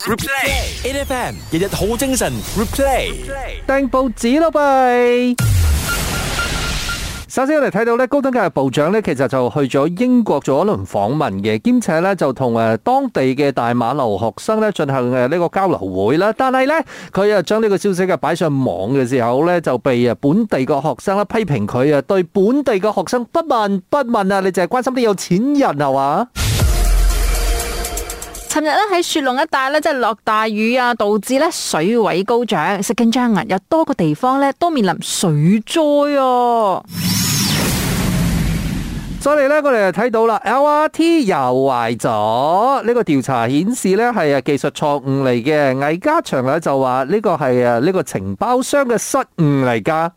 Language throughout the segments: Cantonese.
Replay，A F M 日日好精神。Replay，訂報紙咯，Bye。首先我哋睇到咧，高等教育部長咧，其實就去咗英國做一輪訪問嘅，兼且咧就同誒當地嘅大馬留學生咧進行誒呢個交流會啦。但係咧，佢啊將呢個消息啊擺上網嘅時候咧，就被啊本地個學生咧批評佢啊對本地嘅學生不問不問啊，你淨係關心啲有錢人係嘛？琴日咧喺雪龍一帶咧，即係落大雨啊，導致咧水位高漲，食徑張銀有多個地方咧都面臨水災哦、啊。再嚟咧，我哋就睇到啦，LRT 又壞咗。呢、這個調查顯示咧係啊技術錯誤嚟嘅，魏家祥咧就話呢個係啊呢個承包商嘅失誤嚟噶。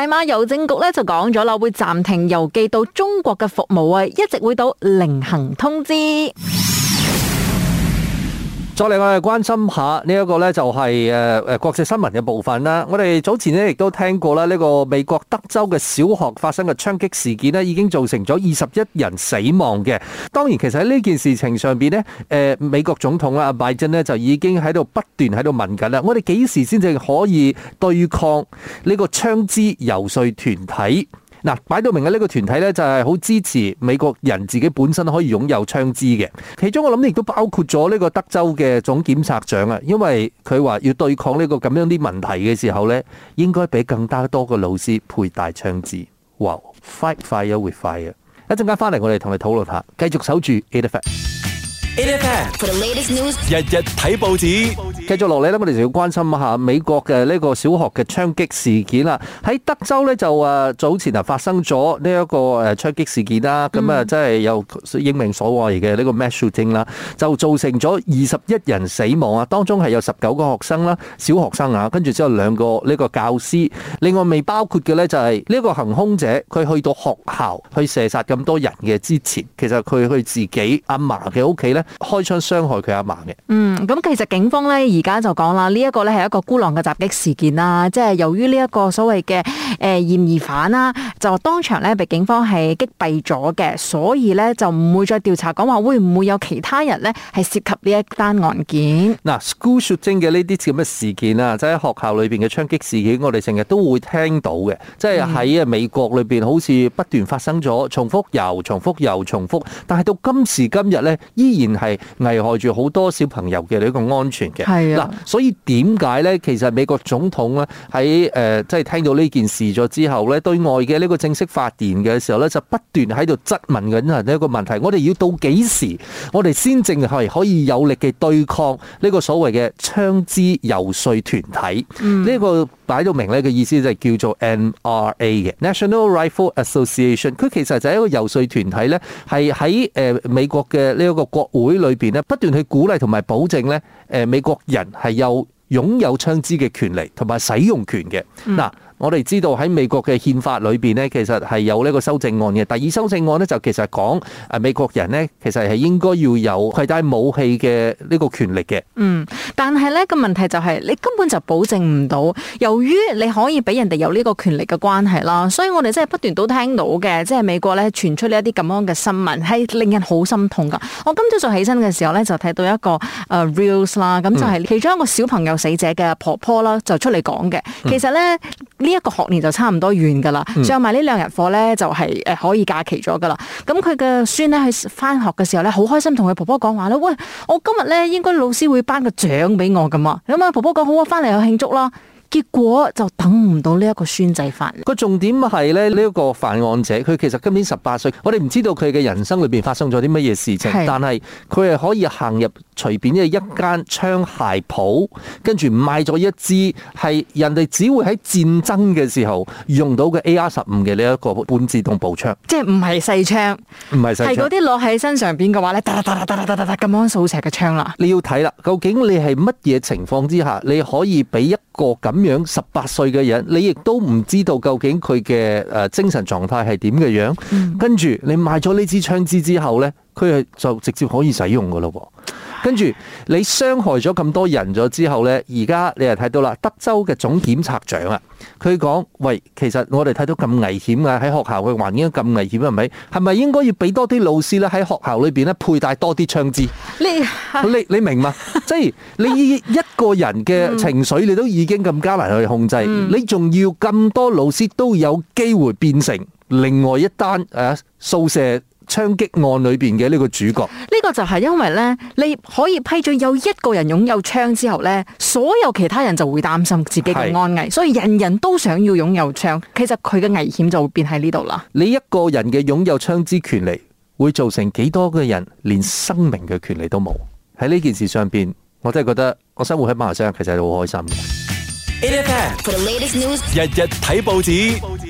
大馬郵政局咧就講咗啦，會暫停郵寄到中國嘅服務啊，一直會到另行通知。再嚟，我哋關心下呢一個咧，就係誒誒國際新聞嘅部分啦。我哋早前呢，亦都聽過啦，呢個美國德州嘅小學發生嘅槍擊事件呢，已經造成咗二十一人死亡嘅。當然，其實喺呢件事情上邊呢，誒美國總統啊拜登呢，就已經喺度不斷喺度問緊啦，我哋幾時先至可以對抗呢個槍支遊說團體？嗱，擺到明啊！呢個團體呢，就係好支持美國人自己本身可以擁有槍支嘅。其中我諗亦都包括咗呢個德州嘅總檢察長啊，因為佢話要對抗呢個咁樣啲問題嘅時候呢，應該俾更加多個老師佩戴槍支。哇！Fight fire with fire。一陣間翻嚟，我哋同你討論下，繼續守住 eight facts 日日睇報紙，繼續落嚟呢我哋就要關心一下美國嘅呢個小學嘅槍擊事件啦。喺德州呢，就誒早前啊發生咗呢一個誒槍擊事件啦，咁啊真係有英明所謂嘅呢個 mass shooting 啦，就造成咗二十一人死亡啊，當中係有十九個學生啦，小學生啊，跟住之後兩個呢個教師，另外未包括嘅呢，就係呢個行兇者，佢去到學校去射殺咁多人嘅之前，其實佢去自己阿嫲嘅屋企呢。開槍傷害佢阿嫲嘅。嗯，咁其實警方咧而家就講啦，呢一個咧係一個孤狼嘅襲擊事件啦，即係由於呢一個所謂嘅誒嫌疑犯啦，就當場咧被警方係擊斃咗嘅，所以咧就唔會再調查講話會唔會有其他人咧係涉及呢一單案件。嗱 school shooting 嘅呢啲咁嘅事件啊，即係喺學校裏邊嘅槍擊事件，我哋成日都會聽到嘅，即係喺美國裏邊好似不斷發生咗，重複又重複又重複，但係到今時今日咧依然。係危害住好多小朋友嘅呢個安全嘅。係嗱、啊啊，所以點解呢？其實美國總統咧喺誒，即、呃、係聽到呢件事咗之後咧，對外嘅呢個正式發言嘅時候呢就不斷喺度質問緊呢一個問題：我哋要到幾時，我哋先正係可以有力嘅對抗呢個所謂嘅槍支游説團體呢、嗯這個？擺到明咧，個意思就係叫做 NRA 嘅 National Rifle Association。佢其實就係一個遊說團體咧，係喺誒美國嘅呢一個國會裏邊咧，不斷去鼓勵同埋保證咧，誒美國人係有擁有槍支嘅權利同埋使用權嘅。嗱。我哋知道喺美國嘅憲法裏邊咧，其實係有呢個修正案嘅。第二修正案咧，就其實講誒美國人咧，其實係應該要有携帶武器嘅呢個權利嘅。嗯，但係咧個問題就係你根本就保證唔到，由於你可以俾人哋有呢個權利嘅關係啦，所以我哋真係不斷都聽到嘅，即係美國咧傳出呢一啲咁樣嘅新聞係令人好心痛噶。我今朝早起身嘅時候咧，就睇到一個誒 reels 啦，咁就係其中一個小朋友死者嘅婆婆啦，就出嚟講嘅。其實咧，呢～、嗯呢、這、一個學年就差唔多完噶啦，上埋呢兩日課咧就係誒可以假期咗噶啦。咁佢嘅孫咧去翻學嘅時候咧，好開心同佢婆婆講話啦。喂，我今日咧應該老師會頒個獎俾我噶嘛？咁啊婆婆講，好啊，翻嚟，有慶祝啦。結果就等唔到呢一個宣制法。個重點係咧呢一個犯案者，佢其實今年十八歲。我哋唔知道佢嘅人生裏邊發生咗啲乜嘢事情，但係佢係可以行入隨便嘅一間槍械鋪，跟住賣咗一支係人哋只會喺戰爭嘅時候用到嘅 A R 十五嘅呢一個半自動步槍。即係唔係細槍，唔係細槍，係嗰啲攞喺身上邊嘅話咧，咁樣掃射嘅槍啦。你要睇啦，究竟你係乜嘢情況之下，你可以俾一個咁？咁樣十八歲嘅人，你亦都唔知道究竟佢嘅誒精神狀態係點嘅樣。跟住你買咗呢支槍支之後呢？佢就直接可以使用噶咯，跟住你傷害咗咁多人咗之後呢，而家你又睇到啦，德州嘅總檢察長啊，佢講：喂，其實我哋睇到咁危險啊，喺學校嘅環境咁危險，係咪？係咪應該要俾多啲老師咧喺學校裏面咧佩戴多啲槍支？你你明嘛？即 係你一個人嘅情緒你都已經咁加難去控制，你仲要咁多老師都有機會變成另外一單啊掃槍擊案裏邊嘅呢個主角，呢個就係因為咧，你可以批准有一個人擁有槍之後呢，所有其他人就會擔心自己嘅安危，所以人人都想要擁有槍。其實佢嘅危險就會變喺呢度啦。你一個人嘅擁有槍支權利，會造成幾多個人連生命嘅權利都冇。喺呢件事上邊，我真係覺得我生活喺馬來西亞其實係好開心嘅。Air, news, 日日睇報紙。報紙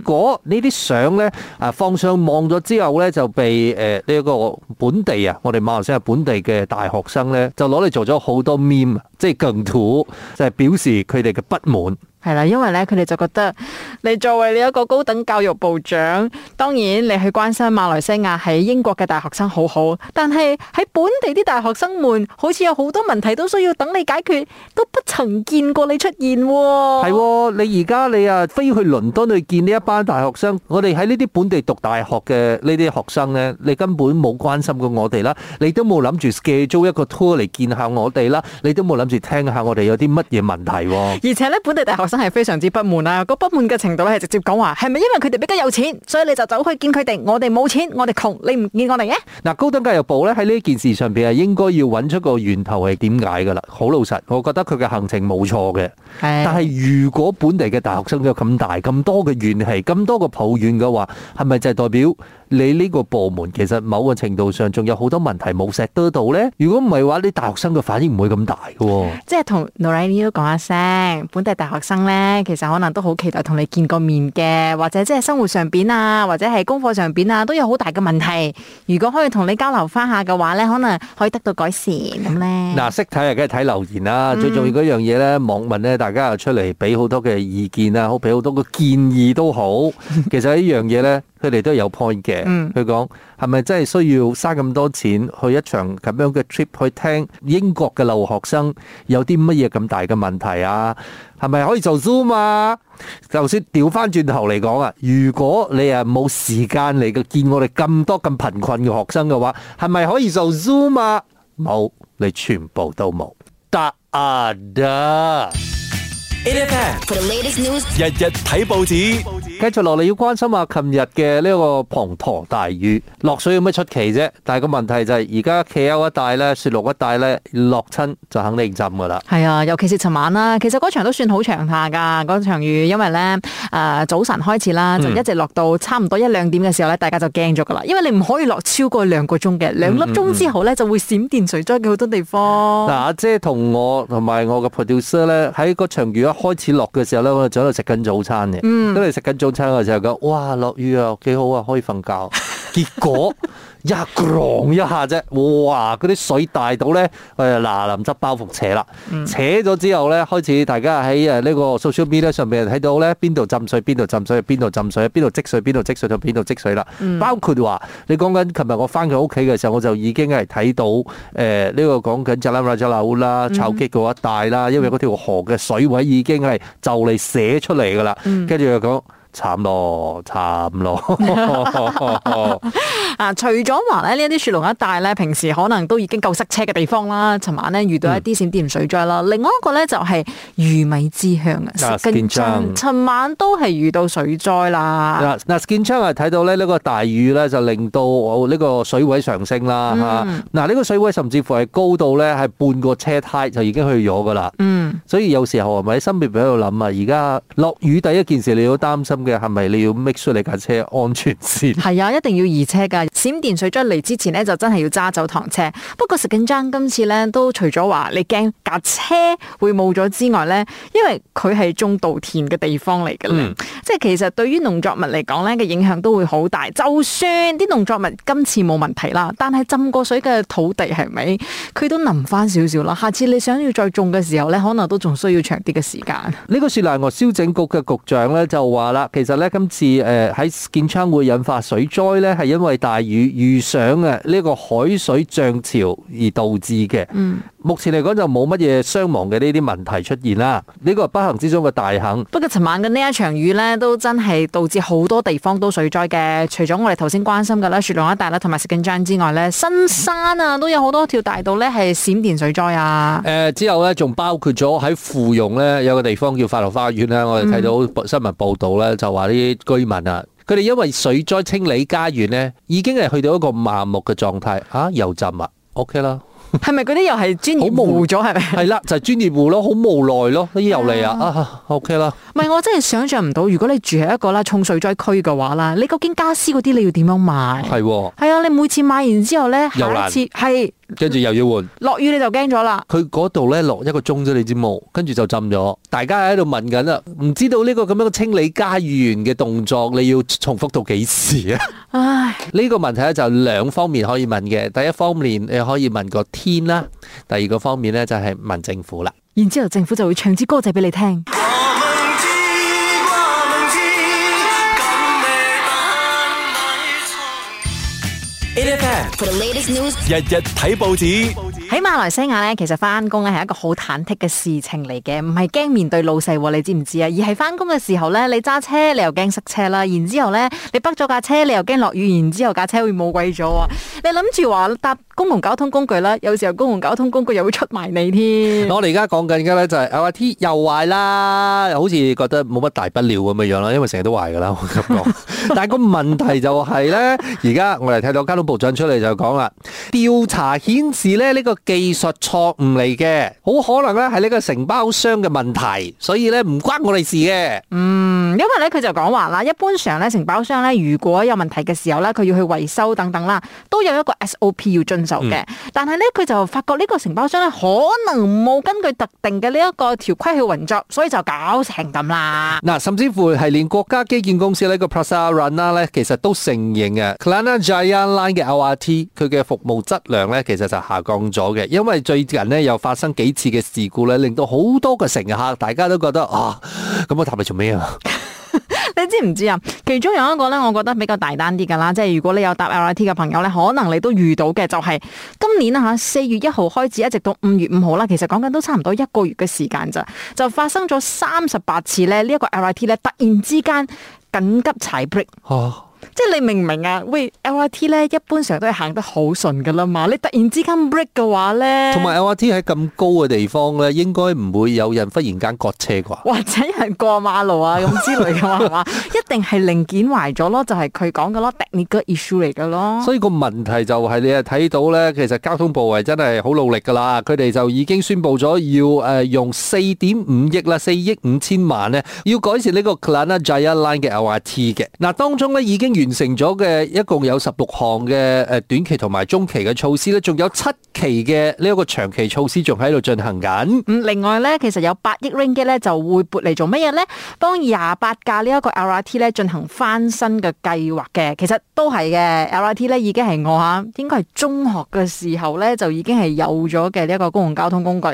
果，呢啲相咧啊放上網咗之後咧，就被誒呢個本地啊，我哋馬來西亞本地嘅大學生咧就攞嚟做咗好多 meme，即係梗圖，就係、是、表示佢哋嘅不滿。係啦，因為咧，佢哋就覺得，你作為你一個高等教育部長，當然你去關心馬來西亞喺英國嘅大學生好好，但係喺本地啲大學生們，好似有好多問題都需要等你解決，都不曾見過你出現。係，你而家你啊，飛去倫敦去見呢一班大學生，我哋喺呢啲本地讀大學嘅呢啲學生呢，你根本冇關心過我哋啦，你都冇諗住借租一個 tour 嚟見下我哋啦，你都冇諗住聽下我哋有啲乜嘢問題。而且咧，本地大學生。真係非常之不滿啊。個不滿嘅程度咧，係直接講話係咪因為佢哋比較有錢，所以你就走去見佢哋？我哋冇錢，我哋窮，你唔見我哋呢？嗱，高等教育部咧，喺呢件事上邊係應該要揾出個源頭係點解噶啦？好老實，我覺得佢嘅行程冇錯嘅，係。但係如果本地嘅大學生有咁大，咁多嘅怨氣，咁多嘅抱怨嘅話，係咪就係代表？你呢個部門其實某個程度上仲有好多問題冇石得到咧。如果唔係話，你大學生嘅反應唔會咁大嘅喎。即係同 Lorraine 都講一聲，本地大學生咧，其實可能都好期待同你見個面嘅，或者即係生活上邊啊，或者係功課上邊啊，都有好大嘅問題。如果可以同你交流翻下嘅話咧，可能可以得到改善咁咧。嗱，識睇啊，梗係睇留言啦。最重要嗰樣嘢咧，網民咧，大家又出嚟俾好多嘅意見啊，好俾好多嘅建議都好。其實呢樣嘢咧，佢哋都有 point 嘅。嗯，佢講係咪真係需要嘥咁多錢去一場咁樣嘅 trip 去聽英國嘅留學生有啲乜嘢咁大嘅問題啊？係咪可以做 zoom 啊？就算調翻轉頭嚟講啊，如果你啊冇時間嚟嘅見我哋咁多咁貧困嘅學生嘅話，係咪可以做 zoom 啊？冇，你全部都冇，答案啊！啊啊日日睇報紙，繼續落嚟要關心下，琴日嘅呢個滂沱大雨，落水有咩出奇啫？但係個問題就係而家企丘一帶咧，雪落一帶咧，落親就肯定浸噶啦。係啊，尤其是尋晚啦，其實嗰場都算好長下噶，嗰場雨，因為咧誒早晨開始啦，就一直落到差唔多一兩點嘅時候咧，大家就驚咗噶啦，因為你唔可以落超過兩個鐘嘅，兩粒鐘之後咧就會閃電水災嘅好多地方。嗱，阿姐同我同埋我嘅 producer 咧，喺嗰場雨。開始落嘅時候呢，我就喺度食緊早餐嘅，都係食緊早餐嘅時候，就講、嗯、哇落雨啊，幾好啊，可以瞓覺。結果。 一浪一下啫，哇！嗰啲水大到咧，誒嗱嗱臨執包袱扯啦，扯咗之後咧，開始大家喺呢個 social media 上面睇到咧，邊度浸水，邊度浸水，邊度浸水，邊度積水，邊度積水就邊度積水啦、嗯。包括話你講緊，琴日我返佢屋企嘅時候，我就已經係睇到誒呢、呃這個講緊吉拉馬吉樓啦、炒激嗰一帶啦，因為嗰條河嘅水位已經係就嚟寫出嚟噶啦，跟住又講。慘咯，慘咯！啊，除咗話咧呢一啲雪龍一帶咧，平時可能都已經夠塞車嘅地方啦。尋晚咧遇到一啲閃電水災啦。另外一個咧就係魚米之鄉啊，尋尋晚都係遇到水災啦、嗯。嗱 s 昌係睇到咧呢個大雨咧就令到呢個水位上升啦。吓，嗱呢個水位甚至乎係高到咧係半個車胎就已經去咗噶啦。嗯，所以有時候我咪喺心入邊喺度諗啊，而家落雨第一件事你好擔心。嘅係咪你要 make sure 你架車安全先？係啊，一定要移車噶。閃電水出嚟之前呢，就真係要揸走堂車。不過適耕莊今次呢，都除咗話你驚架車會冇咗之外呢，因為佢係種稻田嘅地方嚟噶、嗯、即係其實對於農作物嚟講呢，嘅影響都會好大。就算啲農作物今次冇問題啦，但係浸過水嘅土地係咪佢都淋翻少少啦？下次你想要再種嘅時候呢，可能都仲需要長啲嘅時間。呢、這個是雪蘭莪消拯局嘅局長呢，就話啦。其實咧，今次誒喺、呃、建昌會引發水災咧，係因為大雨遇上啊呢個海水漲潮而導致嘅、嗯。目前嚟講就冇乜嘢傷亡嘅呢啲問題出現啦。呢、呢個係不幸之中嘅大幸。不過，尋晚嘅呢一場雨咧，都真係導致好多地方都水災嘅。除咗我哋頭先關心嘅啦，雪隆一帶啦，同埋適耕莊之外咧，新山啊都有好多條大道咧係閃電水災啊。誒、嗯呃，之後咧仲包括咗喺芙蓉咧有個地方叫法樂花園咧，我哋睇到新聞報道咧。嗯就話啲居民啊，佢哋因為水災清理家園咧，已經係去到一個麻木嘅狀態。吓、啊、又浸啊，OK 啦。係咪嗰啲又係專業戶咗？係咪？係 啦，就係、係、專業戶咯，好無奈咯啲又嚟啊，yeah. 啊 OK 啦。唔 係我真係想象唔到，如果你住喺一個啦沖水災區嘅話啦，你究竟家私嗰啲你要點樣買？係係啊，你每次買完之後咧，下一次係。跟住又要換，落雨你就驚咗啦。佢嗰度呢，落一個鐘啫，你知冇？跟住就浸咗。大家喺度問緊啦，唔知道呢個咁樣嘅清理家園嘅動作，你要重複到幾時啊？唉，呢個問題咧就兩方面可以問嘅。第一方面你可以問個天啦，第二個方面呢，就係問政府啦。然之後政府就會唱支歌仔俾你聽。日日睇報紙。喺馬來西亞咧，其實翻工咧係一個好忐忑嘅事情嚟嘅，唔係驚面對老細，你知唔知啊？而係翻工嘅時候咧，你揸車你又驚塞車啦，然之後咧你北咗架車你又驚落雨，然之後架車會冇鬼咗啊！你諗住話搭公共交通工具啦，有時候公共交通工具又會出賣你添。我哋而家講緊嘅咧就係 IAT 又壞啦，又好似覺得冇乜大不了咁嘅樣啦，因為成日都壞噶啦，我感覺。但係個問題就係咧，而家我哋睇到交通部長出佢就講啦，調查顯示咧，呢個技術錯誤嚟嘅，好可能咧係呢個承包商嘅問題，所以咧唔關我哋事嘅。嗯。因為咧佢就講話啦，一般上咧承包商咧如果有問題嘅時候咧，佢要去維修等等啦，都有一個 SOP 要遵守嘅、嗯。但係咧佢就發覺呢個承包商咧可能冇根據特定嘅呢一個條規去運作，所以就搞成咁啦。嗱，甚至乎係連國家基建公司呢個 Prasarana 咧，其實都承認嘅 Kelana Jaya Line 嘅 LRT 佢嘅服務質量咧其實就下降咗嘅，因為最近呢，又發生幾次嘅事故咧，令到好多個乘客大家都覺得啊，咁我搭嚟做咩啊？你知唔知啊？其中有一個咧，我覺得比較大單啲噶啦，即係如果你有搭 LRT 嘅朋友咧，可能你都遇到嘅就係今年啦，四月一號開始一直到五月五號啦，其實講緊都差唔多一個月嘅時間咋，就發生咗三十八次咧，呢一個 LRT 咧突然之間緊急踩 break。啊即係你明唔明啊？喂，L R T 咧一般上都係行得好順噶啦嘛，你突然之間 break 嘅話咧，同埋 L R T 喺咁高嘅地方咧，應該唔會有人忽然間割車啩，或者人過馬路啊咁 之類嘅係 一定係零件壞咗咯，就係佢講嘅咯，technical issue 嚟嘅咯。所以個問題就係你啊睇到咧，其實交通部係真係好努力㗎啦，佢哋就已經宣布咗要誒用四點五億啦，四億五千萬咧，要改善呢個 Kelana Jaya Line 嘅 L R T 嘅。嗱，當中咧已經完成咗嘅一共有十六項嘅誒短期同埋中期嘅措施咧，仲有七期嘅呢一個長期措施仲喺度進行緊。嗯，另外咧，其實有八億 ringgit 咧就會撥嚟做乜嘢咧？幫廿八架呢一個 LRT 咧進行翻新嘅計劃嘅。其實都係嘅，LRT 咧已經係我吓，應該係中學嘅時候咧就已經係有咗嘅呢一個公共交通工具，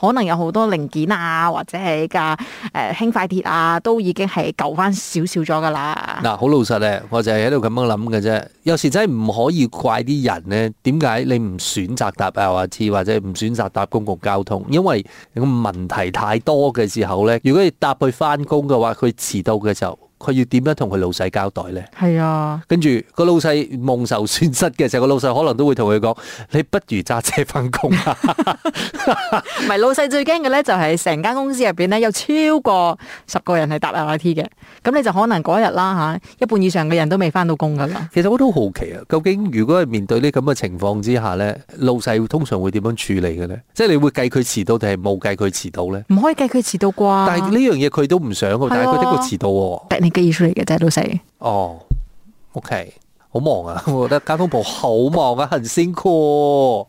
可能有好多零件啊，或者係架誒輕快鐵啊，都已經係舊翻少少咗噶啦。嗱、啊，好老實嘅我就係喺度咁樣諗嘅啫，有時真係唔可以怪啲人咧。點解你唔選擇搭 LRT？或似或者唔選擇搭公共交通？因為問題太多嘅時候咧，如果你搭去翻工嘅話，佢遲到嘅時候。佢要點樣同佢老細交代咧？係啊，跟住個老細蒙受損失嘅時候，個老細可能都會同佢講：你不如揸車翻工啊。 」唔係老細最驚嘅咧，就係成間公司入邊咧有超過十個人係搭 LRT 嘅，咁你就可能嗰日啦吓，一半以上嘅人都未翻到工噶啦。其實我都好奇啊，究竟如果係面對呢咁嘅情況之下咧，老細通常會點樣處理嘅咧？即係你會計佢遲到定係冇計佢遲到咧？唔可以計佢遲到啩？但係呢樣嘢佢都唔想，啊、但係佢的確遲到喎。一個藝術嚟嘅啫，都死。哦、oh，OK，好忙啊！我覺得交通部好忙啊，很辛苦。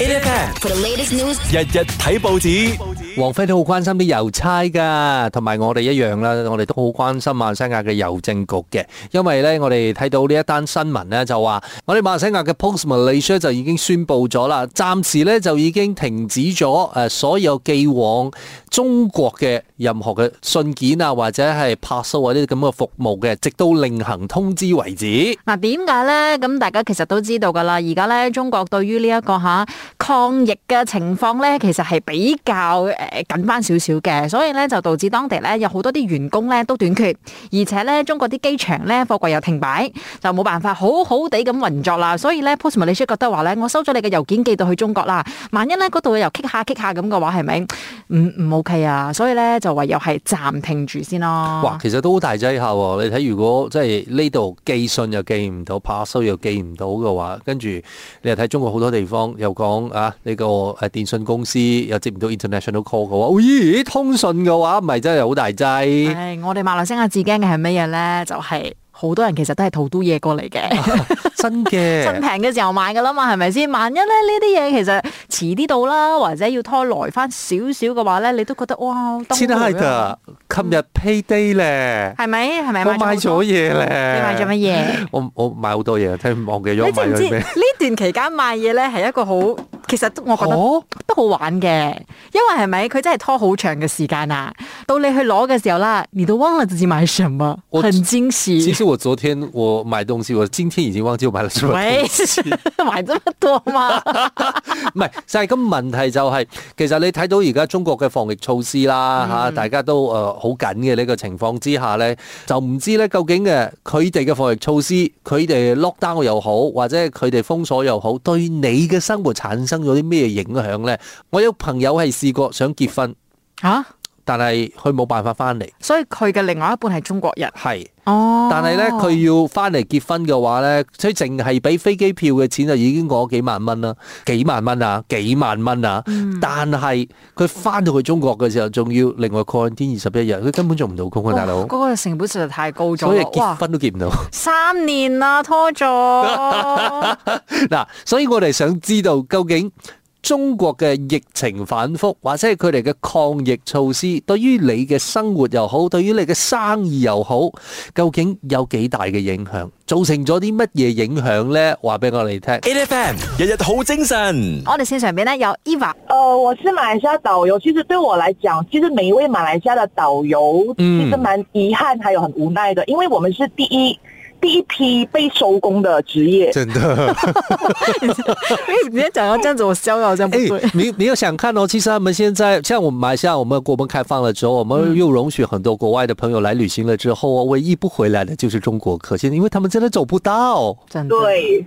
日日睇報紙，王菲都好關心啲郵差噶，同埋我哋一樣啦，我哋都好關心馬來西亞嘅郵政局嘅，因為咧我哋睇到呢一單新聞咧就話，我哋馬來西亞嘅 Post Malaysia 就已經宣佈咗啦，暫時咧就已經停止咗誒所有寄往中國嘅任何嘅信件啊或者係拍蘇啊呢啲咁嘅服務嘅，直到另行通知為止。嗱，點解咧？咁大家其實都知道噶啦，而家咧中國對於呢一個吓。抗疫嘅情況咧，其實係比較誒緊翻少少嘅，所以咧就導致當地咧有好多啲員工咧都短缺，而且咧中國啲機場咧貨櫃又停擺，就冇辦法好好地咁運作啦。所以咧，Pos Malaysia 你先覺得話咧，我收咗你嘅郵件寄到去中國啦，萬一咧嗰度又棘下棘下咁嘅話，係咪唔唔 OK 啊？所以咧就唯有係暫停住先咯。哇，其實都好大劑下喎！你睇如果即係呢度寄信又寄唔到，派收又寄唔到嘅話，跟住你又睇中國好多地方又講。啊！呢個誒，電信公司又接唔到 international call 嘅話，咦？通訊嘅話唔係真係好大劑。係我哋馬來西亞至驚嘅係乜嘢咧？就係好多人其實都係逃都嘢過嚟嘅，真嘅。趁平嘅時候買噶啦嘛，係咪先？萬一咧呢啲嘢其實遲啲到啦，或者要拖來翻少少嘅話咧，你都覺得哇，真係噶！今日 pay day 咧，係咪？係咪？我買咗嘢咧，你買咗乜嘢？我我買好多嘢，聽忘記咗。你知唔知呢段期間買嘢咧，係一個好？其實我覺得都好玩嘅，哦，因為係咪佢真係拖好長嘅時間啊？到你去攞嘅時候啦，你都忘啦自己買買什麼，我很驚喜。其實我昨天我買東西，我今天已經忘記我買了什麼。喂， 買這麼多唔買。就一個問題就係，是，其實你睇到而家中國嘅防疫措施啦，吓、嗯、大家都誒好、呃、緊嘅呢個情況之下咧，就唔知咧究竟誒佢哋嘅防疫措施，佢哋 lock down 又好，或者佢哋封鎖又好，對你嘅生活產生。有啲咩影響咧？我有朋友係試過想結婚，吓。但係佢冇辦法翻嚟，所以佢嘅另外一半係中國人。係，哦、但係咧佢要翻嚟結婚嘅話咧，所以淨係俾飛機票嘅錢就已經過幾萬蚊啦，幾萬蚊啊，幾萬蚊啊。嗯、但係佢翻到去中國嘅時候，仲要另外 count 天二十一日，佢根本做唔到工啊，大佬。嗰、嗰個成本實在太高咗，所以結婚都結唔到。三年啦，拖咗嗱， 所以我哋想知道究竟。中國嘅疫情反覆，或者係佢哋嘅抗疫措施，對於你嘅生活又好，對於你嘅生意又好，究竟有幾大嘅影響？造成咗啲乜嘢影響呢？話俾我哋聽。Ai FM 日日好精神。我哋線上面咧有 Eva。呃，我是馬來西亞導遊。其實對我來講，其實每一位馬來西亞嘅導遊，其實蠻遺憾，還有很無奈嘅，因為我們是第一。第一批被收工的職業，真的。所以你在要講到這樣子，我逍遙好像不對，欸。你你有想看哦。其實他們現在，像我們馬來西亞，我們國門開放了之後，我們又容許很多國外的朋友來旅行了之後，唯一不回來的就是中國客，現在因為他們真的走不到。真的對。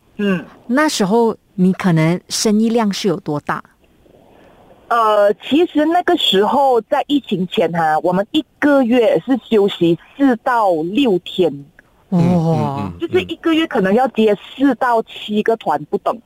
嗯，那時候你可能生意量是有多大？呃，其實那個時候在疫情前哈、啊，我們一個月是休息四到六天，哇、嗯，就是一個月可能要接四到七個團不等。嗯嗯嗯就是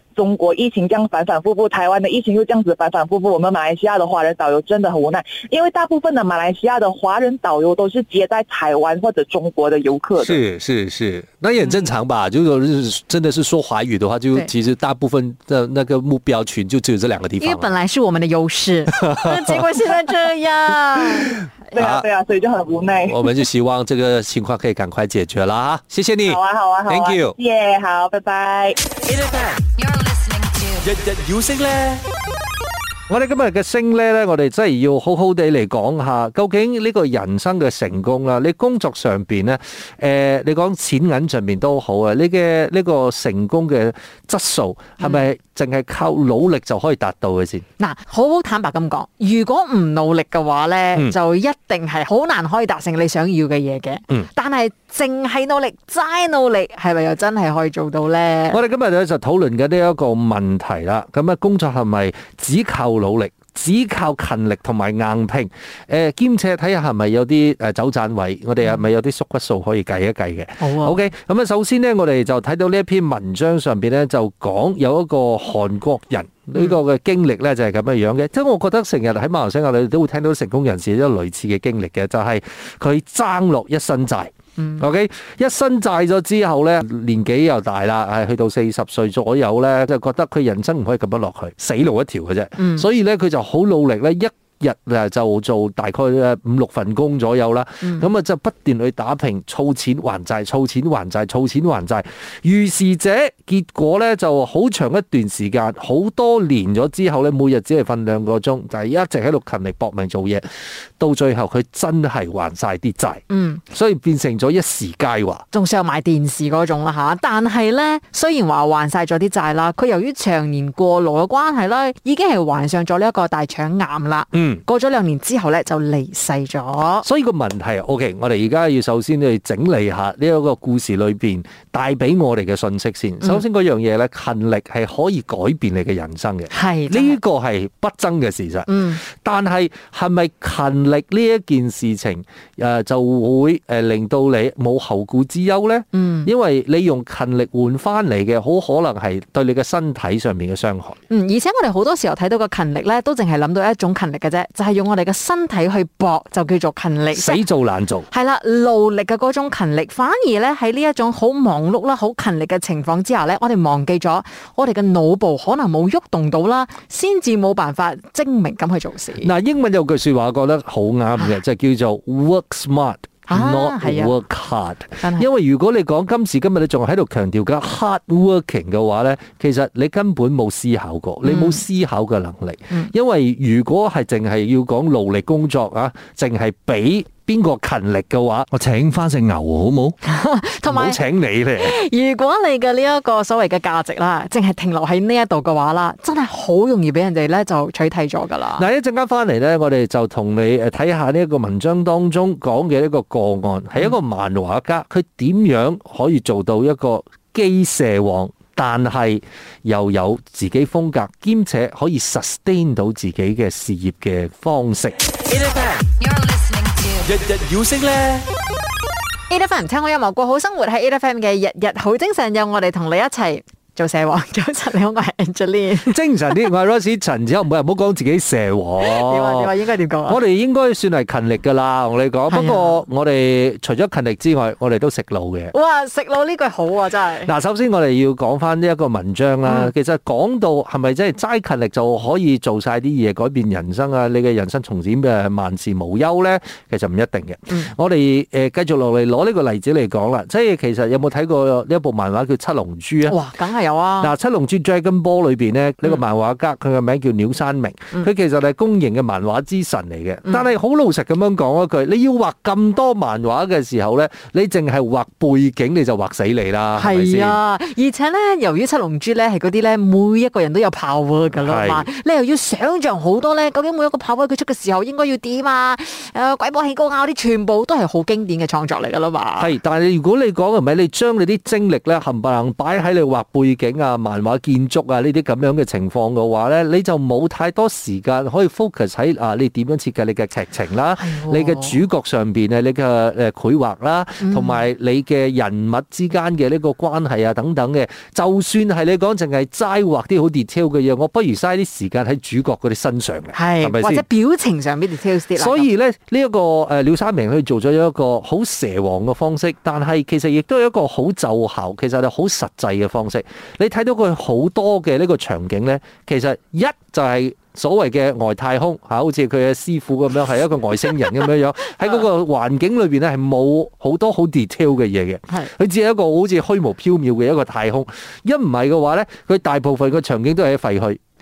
中國疫情這樣反反复复，台灣的疫情又這樣子反反复复，我們馬來西亞的華人導遊真的很無奈，因為大部分的馬來西亞的華人導遊都是接待台灣或者中國的遊客的。是是是，那也很正常吧，嗯、就是真的是說華語的話，就其實大部分的那個目標群就只有這兩個地方。因為本來是我們的優勢， 結果現在這樣， 對啊對啊，所以就很無奈。 我們就希望這個情況可以趕快解決了啊！謝謝你，好啊好啊，好啊，Thank you，耶，好，拜拜。日日要升咧，我哋今日嘅升咧咧，我哋真係要好好哋嚟講下，究竟呢個人生嘅成功啊，你工作上邊咧，誒，你講錢銀上面都好啊，呢嘅呢個成功嘅質素係咪？定係靠努力就可以達到嘅先嗱，嗯、好好坦白咁講，如果唔努力嘅話咧，就一定係好難可以達成你想要嘅嘢嘅。嗯，但係淨係努力，齋努力，係咪又真係可以做到咧？我哋今日就討論嘅呢一個問題啦。咁啊，工作係咪只靠努力？只靠勤力同埋硬拼，誒、呃、兼且睇下係咪有啲誒走盞位，嗯、我哋係咪有啲縮骨數可以計一計嘅？好、嗯、啊。O K，咁啊，首先呢，我哋就睇到呢一篇文章上邊呢，就講有一個韓國人呢、呢個嘅經歷呢，就係咁嘅樣嘅。即係我覺得成日喺馬來西亞你都會聽到成功人士都類似嘅經歷嘅，就係、是、佢爭落一身債。嗯，OK，一身債咗之後咧，年紀又大啦，係去到四十歲左右咧，就覺得佢人生唔可以咁樣落去，死路一條嘅啫。嗯、mm.，所以咧，佢就好努力咧一。日就做大概五六份工左右啦，咁、嗯、啊就不斷去打拼，儲錢還債，儲錢還債，儲錢還債。於是者結果呢，就好長一段時間，好多年咗之後呢，每日只係瞓兩個鐘，但、就、係、是、一直喺度勤力搏命做嘢，到最後佢真係還晒啲債。嗯，所以變成咗一時佳話，仲、嗯、想買電視嗰種啊，但係呢，雖然話還晒咗啲債啦，佢由於長年過勞嘅關係啦，已經係患上咗呢一個大腸癌啦。嗯。過咗兩年之後咧，就離世咗。所以個問題，OK，我哋而家要首先去整理下呢一個故事裏邊帶俾我哋嘅信息先。首先嗰樣嘢咧、嗯，勤力係可以改變你嘅人生嘅，係呢、呢個係不爭嘅事實。嗯，但係係咪勤力呢一件事情誒就會誒令到你冇後顧之憂呢？嗯，因為你用勤力換翻嚟嘅，好可能係對你嘅身體上面嘅傷害。嗯，而且我哋好多時候睇到個勤力咧，都淨係諗到一種勤力嘅啫。就係、是、用我哋嘅身體去搏，就叫做勤力，死做懶做。係、就、啦、是，勞力嘅嗰種勤力，反而咧喺呢一種好忙碌啦、好勤力嘅情況之下咧，我哋忘記咗我哋嘅腦部可能冇喐動到啦，先至冇辦法精明咁去做事。嗱，英文有句說話我覺得好啱嘅，就係、叫做 work smart。 Not work hard，啊啊、因為如果你講今時今日你仲喺度強調緊 hard working 嘅話咧，其實你根本冇思考過，你冇思考嘅能力，嗯，因為如果係淨係要講勞力工作啊，淨係俾。邊個勤力嘅話，我請翻隻牛好冇？唔好請你咧。如果你嘅呢一個所謂嘅價值啦，淨係停留喺呢一度嘅話啦，真係好容易俾人哋咧就取締咗噶啦。嗱，一陣間翻嚟咧，我哋就同你誒睇下呢一個文章當中講嘅一個個案，係一個漫畫家，佢點樣可以做到一個機射王，但係又有自己風格，兼且可以 sustain 到自己嘅事業嘅方式。日日要升咧！Ai FM 聽我音樂過好生活，喺係 Ai FM 嘅日日好精神，有我哋同你一齊。做蛇王，早晨你好， 我係 Angelina。 精神啲，我係 Rosie 陳。之後唔好唔好講自己蛇王。你話你話應該點講？我哋應該算係勤力噶啦，同你講。不過我哋除咗勤力之外，我哋都食腦嘅。哇，食腦呢句好啊，真係。嗱，首先我哋要講翻呢一個文章啦，嗯。其實講到係咪即係齋勤力就可以做晒啲嘢，改變人生啊？你嘅人生從此嘅萬事無憂咧？其實唔一定嘅，嗯。我哋誒繼續落嚟攞呢個例子嚟講啦。即係其實有冇睇過呢一部漫畫叫《七龍珠》啊？哇，梗係有。嗱《七龍珠》《Dragon Ball》裏邊呢，呢個漫畫家佢嘅、嗯、名叫鳥山明，佢、嗯、其實係公認嘅漫畫之神嚟嘅、嗯。但係好老實咁樣講一句，你要畫咁多漫畫嘅時候咧，你淨係畫背景你就畫死你啦，係啊是，而且咧，由於《七龍珠》咧係嗰啲咧每一個人都有炮火噶啦嘛，你又要想象好多咧，究竟每一個炮火佢出嘅時候應該要點啊？誒、呃，鬼火氣高啊，啲全部都係好經典嘅創作嚟噶啦嘛。係，但係如果你講唔係，你將你啲精力咧，冚唪唥擺喺你畫背？景啊、漫畫建築啊呢啲咁樣嘅情況嘅話咧，你就冇太多時間可以 focus 喺啊你點樣設計你嘅劇情啦、哦、你嘅主角上邊咧、你嘅誒繪畫啦，同、啊、埋、啊啊啊嗯、你嘅人物之間嘅呢個關係啊等等嘅。就算係你講淨係齋畫啲好 detail 嘅嘢，我不如嘥啲時間喺主角嗰啲身上嘅，係咪？或者表情上邊 details 啲啦。所以咧，呢、這個呃、一個誒廖三明佢做咗一個好蛇王嘅方式，但係其實亦都有一個好奏效，其實係好實際嘅方式。你睇到佢好多嘅呢個場景咧，其實一就係所謂嘅外太空吓，好似佢嘅師傅咁樣，係一個外星人咁樣樣，喺 嗰個環境裏邊咧係冇好多好 detail 嘅嘢嘅，佢只係一個好似虛無縹緲嘅一個太空。一唔係嘅話咧，佢大部分嘅場景都係喺廢墟。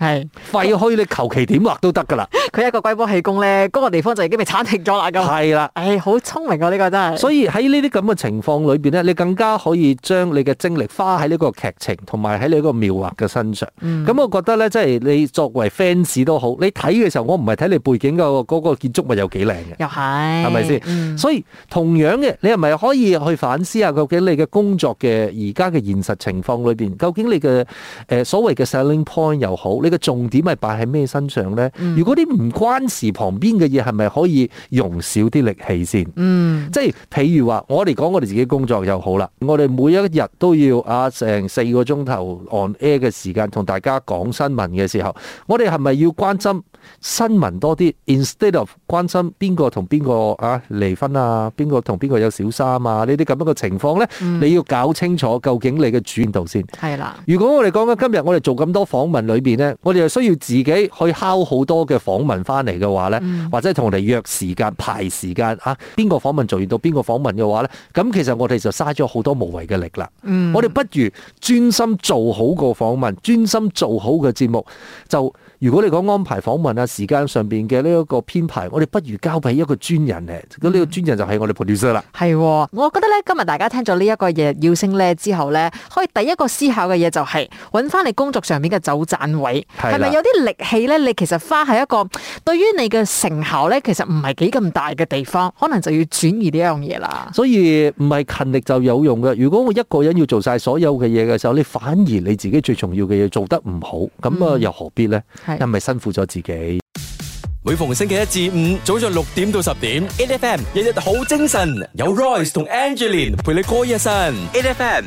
係廢墟，你求其點畫都得噶啦。佢 一個龜波氣功咧，嗰、那個地方就已經被鏟平咗啦。咁係啦，唉、哎，好聰明啊！呢個真係。所以喺呢啲咁嘅情況裏邊咧，你更加可以將你嘅精力花喺呢個劇情，同埋喺你個描畫嘅身上。咁、嗯、我覺得咧，即係你作為 fans 都好，你睇嘅時候，我唔係睇你背景嗰個建築物有幾靚嘅。又係係咪先？所以同樣嘅，你係咪可以去反思下究竟你嘅工作嘅而家嘅現實情況裏邊，究竟你嘅誒所謂嘅 selling point 又好，嘅重點係擺喺咩身上呢？如果啲唔關事旁邊嘅嘢，係咪可以用少啲力氣先？嗯即，即係譬如話，我哋講我哋自己工作又好啦，我哋每一日都要啊成四個鐘頭 on air 嘅時間，同大家講新聞嘅時候，我哋係咪要關心？新聞多啲，instead of 關心邊個同邊個啊離婚啊，邊個同邊個有小三啊呢啲咁樣嘅情況呢，你要搞清楚究竟你嘅主導先係啦。如果我哋講緊今日我哋做咁多訪問裏邊呢，我哋又需要自己去敲好多嘅訪問翻嚟嘅話呢，嗯，或者同我哋約時間排時間啊，邊個訪問做完到邊個訪問嘅話呢，咁其實我哋就嘥咗好多無謂嘅力啦，嗯。我哋不如專心做好個訪問，專心做好個節目就。如果你講安排訪問啊，時間上邊嘅呢一個編排，我哋不如交俾一個專人咧。咁、嗯、呢、這個專人就係我哋 producer 啦。係、哦，我覺得咧，今日大家聽咗呢一個嘢要聲咧之後咧，可以第一個思考嘅嘢就係揾翻你工作上面嘅走盞位，係咪有啲力氣咧？你其實花喺一個對於你嘅成效咧，其實唔係幾咁大嘅地方，可能就要轉移呢樣嘢啦。所以唔係勤力就有用嘅。如果我一個人要做晒所有嘅嘢嘅時候，你反而你自己最重要嘅嘢做得唔好，咁啊又何必咧？嗯因為辛苦咗自己，每逢星期一至五早上六點到十點，A F M，日日好精神，有 Royce 同 Angelin 陪你過一生，A F M。